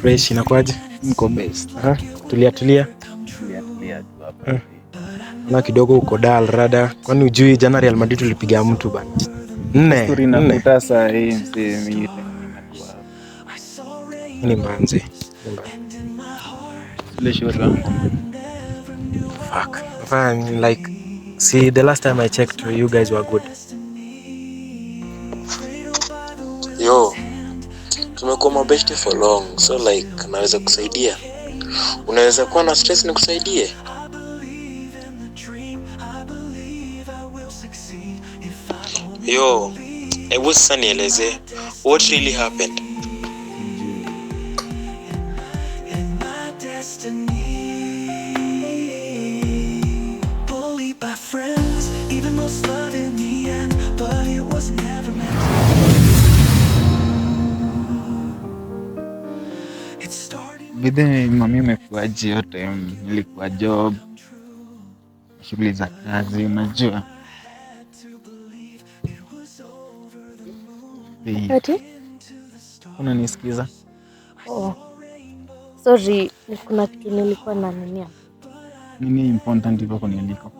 Fresh Mko best. tulia tulia. Tulia eh. Na kidogo uko dal rada. Kwani ujui jana Real Madrid tulipiga mtu bana. Nne. saa hii msemi. Ni Fuck. Fine, like see the last time I checked you guys were good. Yo tumekuwa mabeshte for long, so like naweza kusaidia, unaweza kuwa na stress nikusaidie? Yo, hebu sasa nieleze what really happened. Bidhaa mami, umekuaje? Yote nilikuwa job, shughuli za kazi, unajua unanisikiza? Oh, sorry, kuna kitu nilikuwa na nini nini important hivyo kuniliko.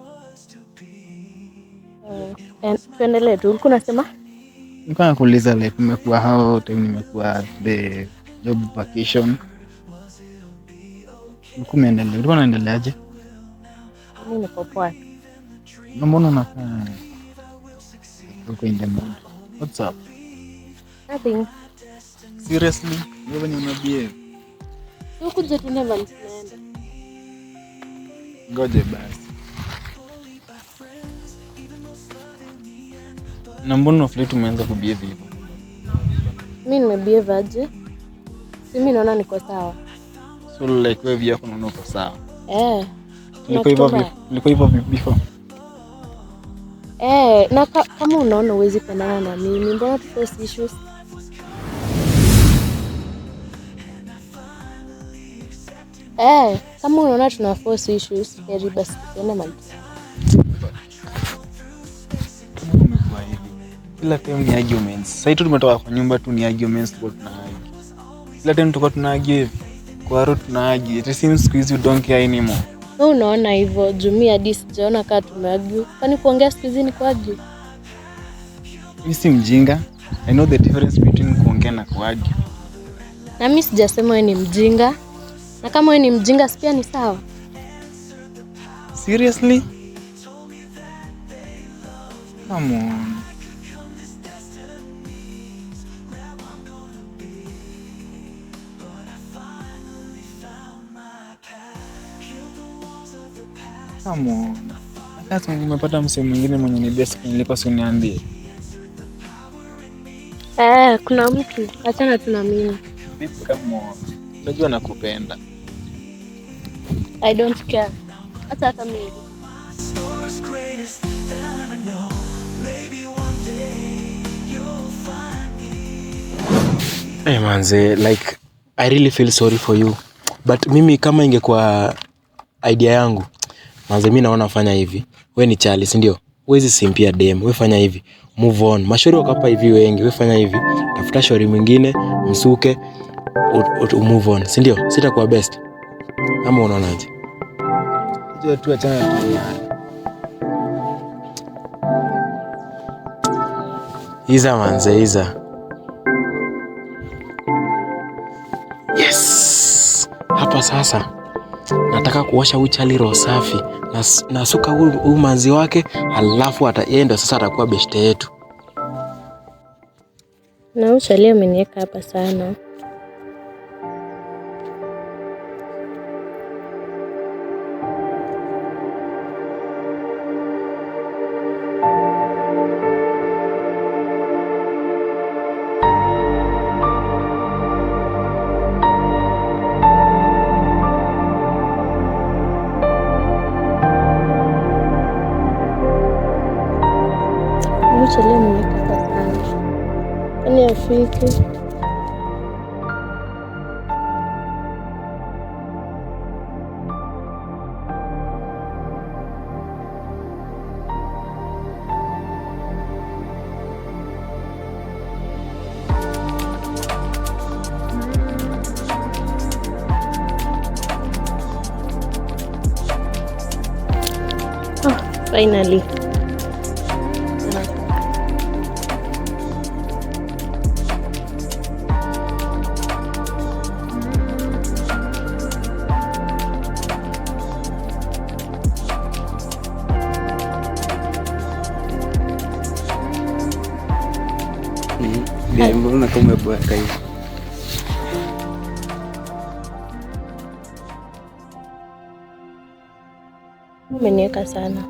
Eh, tuendelee tu, ulikuwa unasema? Nilikuwa nakuuliza like, umekuwa how time, nimekuwa the job vacation Kumeendelea, ulikuwa unaendeleaje? Mimi niko poa. Na mbona unakaa uko in the mood? What's up? Nothing. Seriously? Wewe ni unabie. Ukuje tu never tunaenda. Ngoje basi. Na mbona flirt umeanza kubie hivyo? Mimi nimebie aje? Mimi naona niko sawa. So like wewe vya kuna Liko hivyo before. Eh, na kama unaona uwezi na mimi, mbona issues? Eh, kama unaona tuna force issues, heri basi mali. Kila time ni arguments. Sasa tumetoka kwa nyumba tu ni arguments tuna. Kila time tuna argue Kwaro tunaagi. It seems siku hizi you inimo care unaona hivyo, jumia hadi sijaona kaa tumeagi. Kwani kuongea siku hizi ni kwagi mi si mjinga. I know the difference between kuongea na kuagi. Na mi sijasema we ni mjinga. Na kama we ni mjinga sipia ni sawa? Seriously? Come on. Come umepata msee mwingine mwenye ni best kuliko usiniambie. Eh, kuna mtu achana tu na mimi. Vipi kama unajua nakupenda? I don't care. Hata hata mimi. Hey eh, manze, like I really feel sorry for you. But mimi kama ingekuwa idea yangu Manze mimi naona fanya hivi. Wewe ni chali, si ndio? Huwezi simpia dem. Wewe fanya hivi. Move on. Mashauri wako hapa hivi wengi. Wewe fanya hivi. Tafuta shauri mwingine, msuke, move on. Si ndio? Sitakuwa best. Ama unaonaje? Hiyo tu achana na Iza manze, Iza. Yes. Hapa sasa nataka kuosha huyu chali roho safi, nasuka huyu manzi wake, alafu ataenda sasa, atakuwa beshte yetu. Na huyu chali ameniweka hapa sana. Mnachelewa, mmetoka sana. Kwani afiki ah, Finally. Umeniweka sana.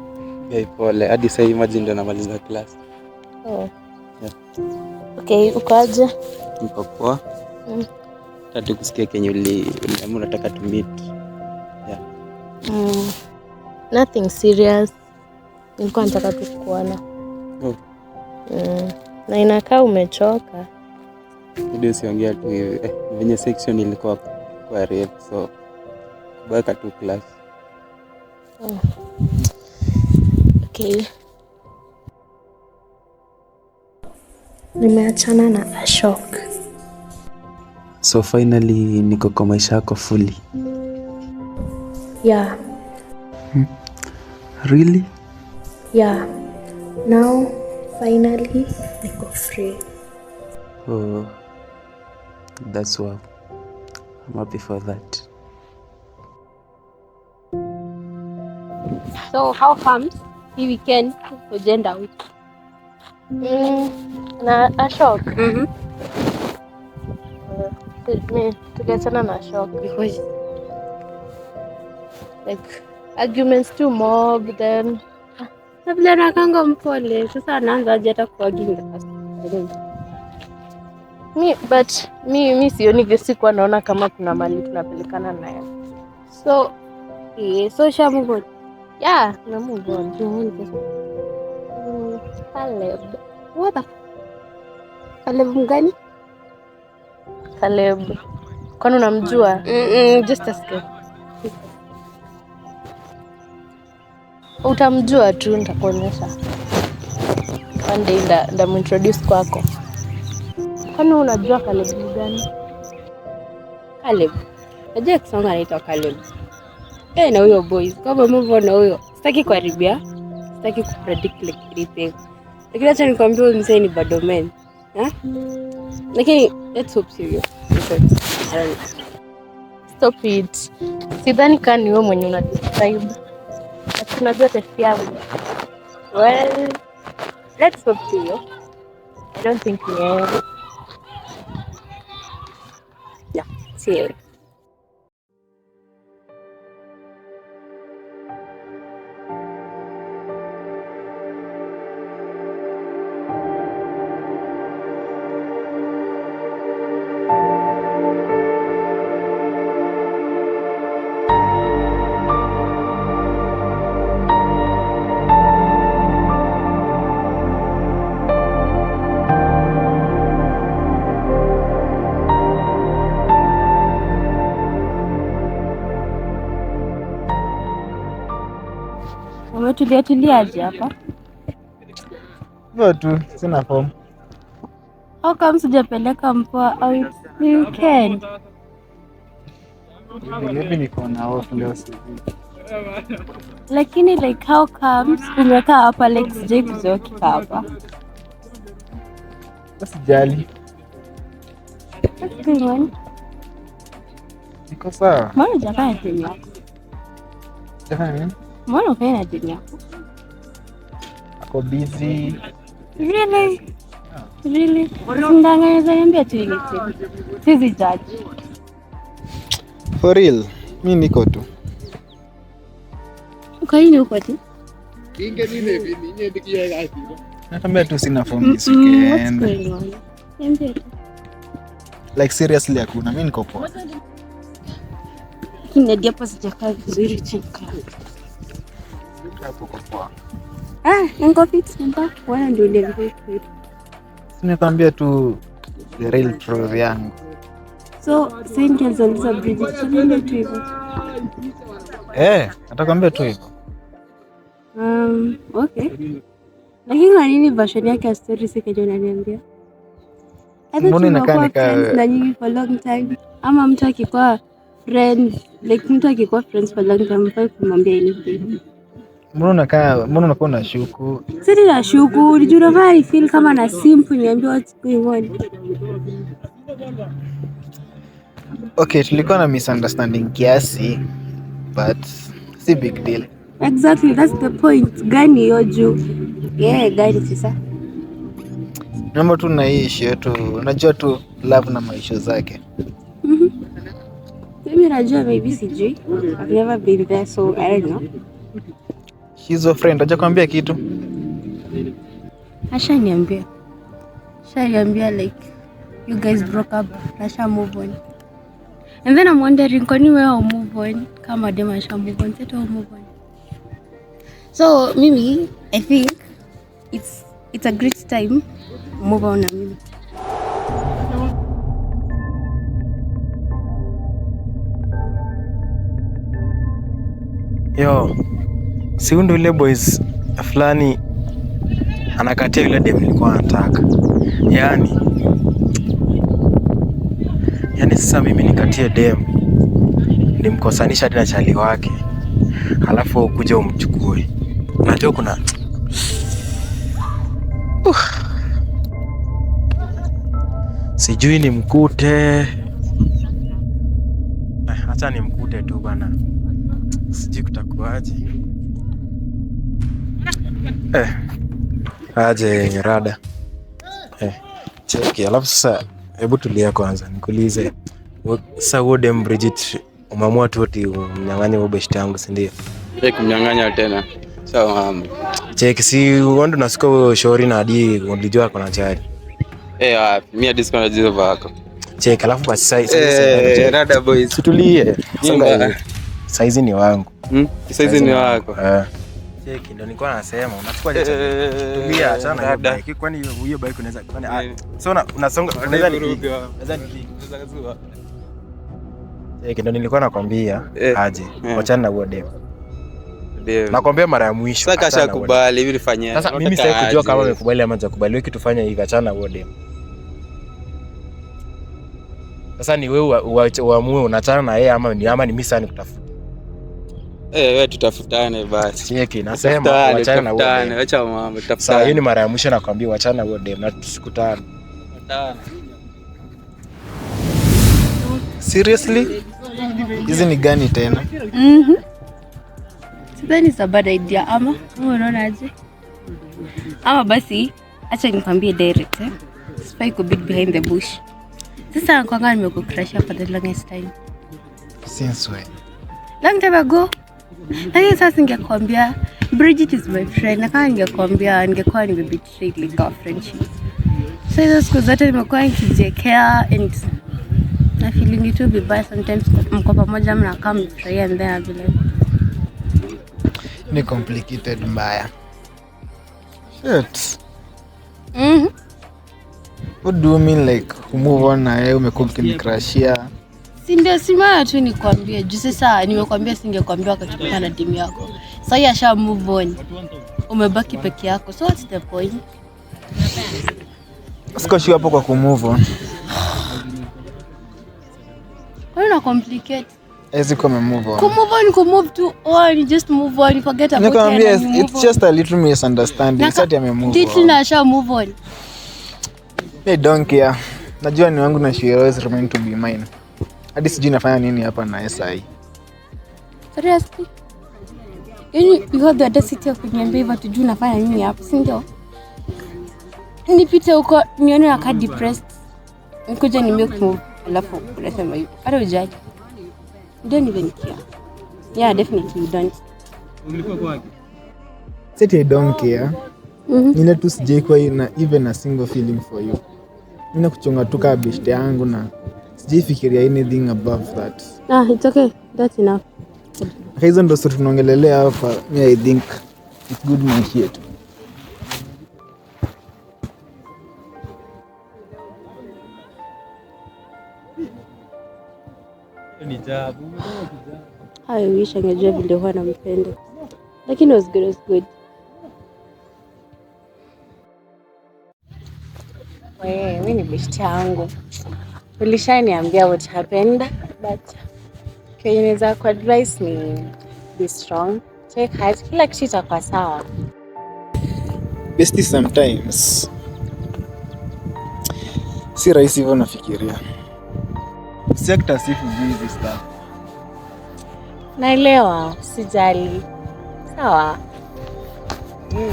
Yeah, pole. Hadi sasa hivi maji ndio namaliza class. Oh. Yeah. Okay, ukaje? Niko poa. Mm. Tatu kusikia kenye uli, uliamua unataka to meet. Yeah. Mm. Nothing serious. Nilikuwa nataka tu kuona. Oh. Mm. Na inakaa umechoka. Ndio siongea tu hivi. Eh, venye section ilikuwa kwa real so kubaka tu class. Oh. Okay. Nimeachana na Ashok. So finally niko kwa maisha yako fully. Yeah. Hmm. Really? Yeah. Now finally niko free. Oh. That's wow. I'm happy for that. So how comes hii weekend hujaenda huko? Mm, na Ashok. Mhm. Mm, tuliachana na Ashok mm-hmm. uh, because like arguments too mob then na vile mpole sasa, anaanza aje hata kuaginga mi but mi mi sionige, sikuwa naona kama kuna mali tunapelekana naye so yeah, so shamgod Yeah, now move on. You want this? Mm, Caleb. What the? Caleb mgani? Caleb. Kwani unamjua? Mm -mm, just a ask. Utamjua tu nitakuonyesha. One day nda, ndamuintroduce kwako. Kwani unajua Caleb mgani? Caleb. Najua kisonga anaitwa Caleb eh, na huyo boys. Kwa hivyo move na huyo, sitaki kuharibia, sitaki ku predict like anything, lakini acha nikwambie wewe mzee ni bado man eh, lakini let's hope serious stop it. Sidhani kaa ni wewe mwenye una describe, lakini unajua testi yangu. Well, let's hope serious. I don't think you are. Yeah, see you. uliachiliaje hapa? Hivyo tu, sina form. Au kama sijapeleka mpoa au weekend? Maybe niko na off leo sisi. Lakini like how comes umekaa hapa like sijai kuzoea kukaa hapa. Usijali. Niko sawa. Mbona hujafanya timu Jafanya nini? Mbona ukae na dini yako? Ako busy. Really? Really? Ndanganyeza niambia tu ile tu. Sisi judge. For real, mimi niko tu. Kwa nini uko tu? Nakwambia tu sina phone this weekend. Like seriously hakuna, mimi niko poa. Kinadia hapo sijakaa vizuri chika. Ah, nimekwambia tu the real pro yangu. So eh, atakwambia tu hivyo. Um, okay. Lakini kwa nini version yake ya story sikaja unaniambia? Mbona inakaa na nyinyi for long time? Ama mtu akikuwa friend, like mtu akikuwa friends for long time, mfai kumwambia anything. Mbona unakaa mbona unakuwa ulijua feel kama na simple niambiwa what's going on. Okay, tulikuwa na misunderstanding kiasi but si big deal. Exactly, that's the point. Gani hiyo juu? Yeah, gani sasa? Naomba tu na hii issue unajua tu love na maisha zake. Mm-hmm. Mimi najua maybe sijui. I've never been there so I don't know. Schizofrenia ndio akwambia kitu. Ashaniambia. Ashaniambia like you guys broke up. Asha move on. And then I'm wondering kwani wewe au move on kama dem asha move on, sasa move on. So mimi I think it's it's a great time move on na mimi. Yo. Siku ile boys fulani anakatia ile dem nilikuwa nataka. Yaani yaani sasa mimi nikatie dem nimkosanisha hadi na chali wake, alafu kuja umchukue. Unajua kuna uh, sijui nimkute, eh, acha nimkute tu bana, sijui kutakuwaje eh, aje yenye rada eh, cheki. Alafu sasa, hebu tulia kwanza, nikuulize sasa, huo dem Bridget umeamua tu ati umnyang'anye huo best yangu, si ndio? Eh, kumnyang'anya tena sawa. Um, cheki, si wando nasikia wewe shauri na hadi ulijua kuna chari. eh, uh, mimi hadi sikuwa najizo vako cheki. Alafu basi eh, sasa, eh, rada boys, tutulie sasa, saizi ni wangu, hmm? saizi ni wako eh Cheki nilikuwa nasema unachukua tumia eh, achana na bike. Kwani hiyo bike unaweza kufanya ah, eh. so unasonga unaweza Cheki nilikuwa nakwambia eh. aje. Achana na huo dem. Nakwambia mara ya mwisho. Sasa hivi Sasa mimi sasa kujua kama amekubali ama hajakubali. Wewe kitufanya hivi achana huo dem. Sasa ni wewe uamue unachana na yeye ama ni mimi nikutafuta. Hey, eh, tutafutane basi. Cheki nasema wachana na wewe. Acha mambo tutafutane. Sasa hii ni mara ya mwisho nakwambia wachana na wewe dem na tusikutane. Seriously? Hizi ni gani tena? Mhm. Sidhani za bad idea ama wewe unaona aje? Ama basi acha nikwambie direct eh. Spike go big behind the bush. Sasa kwa nimekucrush for the longest time. Since when? Long time ago. Lakini sasa ningekwambia Bridget is my friend, na kama ningekwambia ningekuwa nimebetray ile friendship. So hizo siku zote nimekuwa nikijiekea and na feeling it be vibaya sometimes, mko pamoja mnakaa mnafurahia and then vile ni complicated mbaya. Shit. Mhm. Mm, what do you mean like move on na yeye umekuwa ukinikrashia si ndio, simama tu nikwambie. Juu sasa nimekwambia, singekwambia wakachukua na timu yako. Sasa hii asha move on, umebaki peke yako, so what's the point? Siko shiwa hapo kwa kumove on. Kwa Una complicate As you come and move on. Kumove on, kumove to on, just move on, forget about it. Yes, it's just a little misunderstanding. Sasa move on. Little na sha move on. Hey, don't care. Najua ni wangu na she always remain to be mine hadi sijui nafanya nini hapa na SI. Seriously? Yaani you audacity ya kuniambia hivyo nafanya nini hapa, si ndio? Yaani, nipite huko nione depressed. Nikuja ni move alafu unasema hivyo. Hata ujaji. Don't even care. Yeah, definitely you don't. kwake. Seti I don't care. Mm -hmm. tu sijaikuwa na even a single feeling for you. Ninakuchonga tu kaa yangu na Sijaifikiria anything above that. Ah, it's okay. That's enough. Hizo ndo stori tunaongelelea hapa. Me, I think it's good maishia tu. Ah, I wish angejua vile huwa nampenda. Lakini was good, was good. Wewe, wewe ni beshti yangu. Ulishaniambia what happened but kenye naweza ku advise ni be strong, take heart, kila kitu itakuwa sawa. Besti, sometimes si rahisi hivyo nafikiria. Sekta sifu hizi stuff. Naelewa, sijali. Sawa. Mm.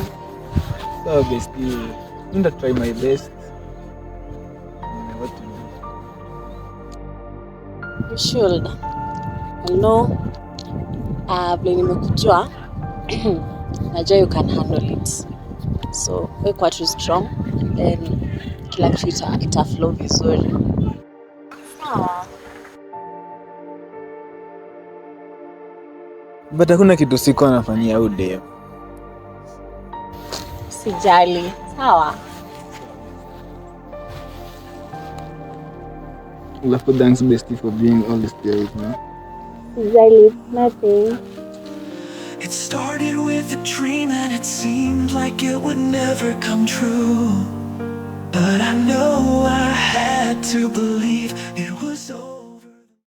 Sawa besti. Nda try my best. shoulder. Hello. Uh, vile nimekujua najua you can handle it. So wekwa tu strong and then kila kitu ita, ita flow vizuri. Sawa. But hakuna kitu siko anafanyia udeo. Sijali. Sawa. Wala po thanks bestie for being all this day with me. Zalit It started with a dream and it seemed like it would never come true. But I know I had to believe it was over.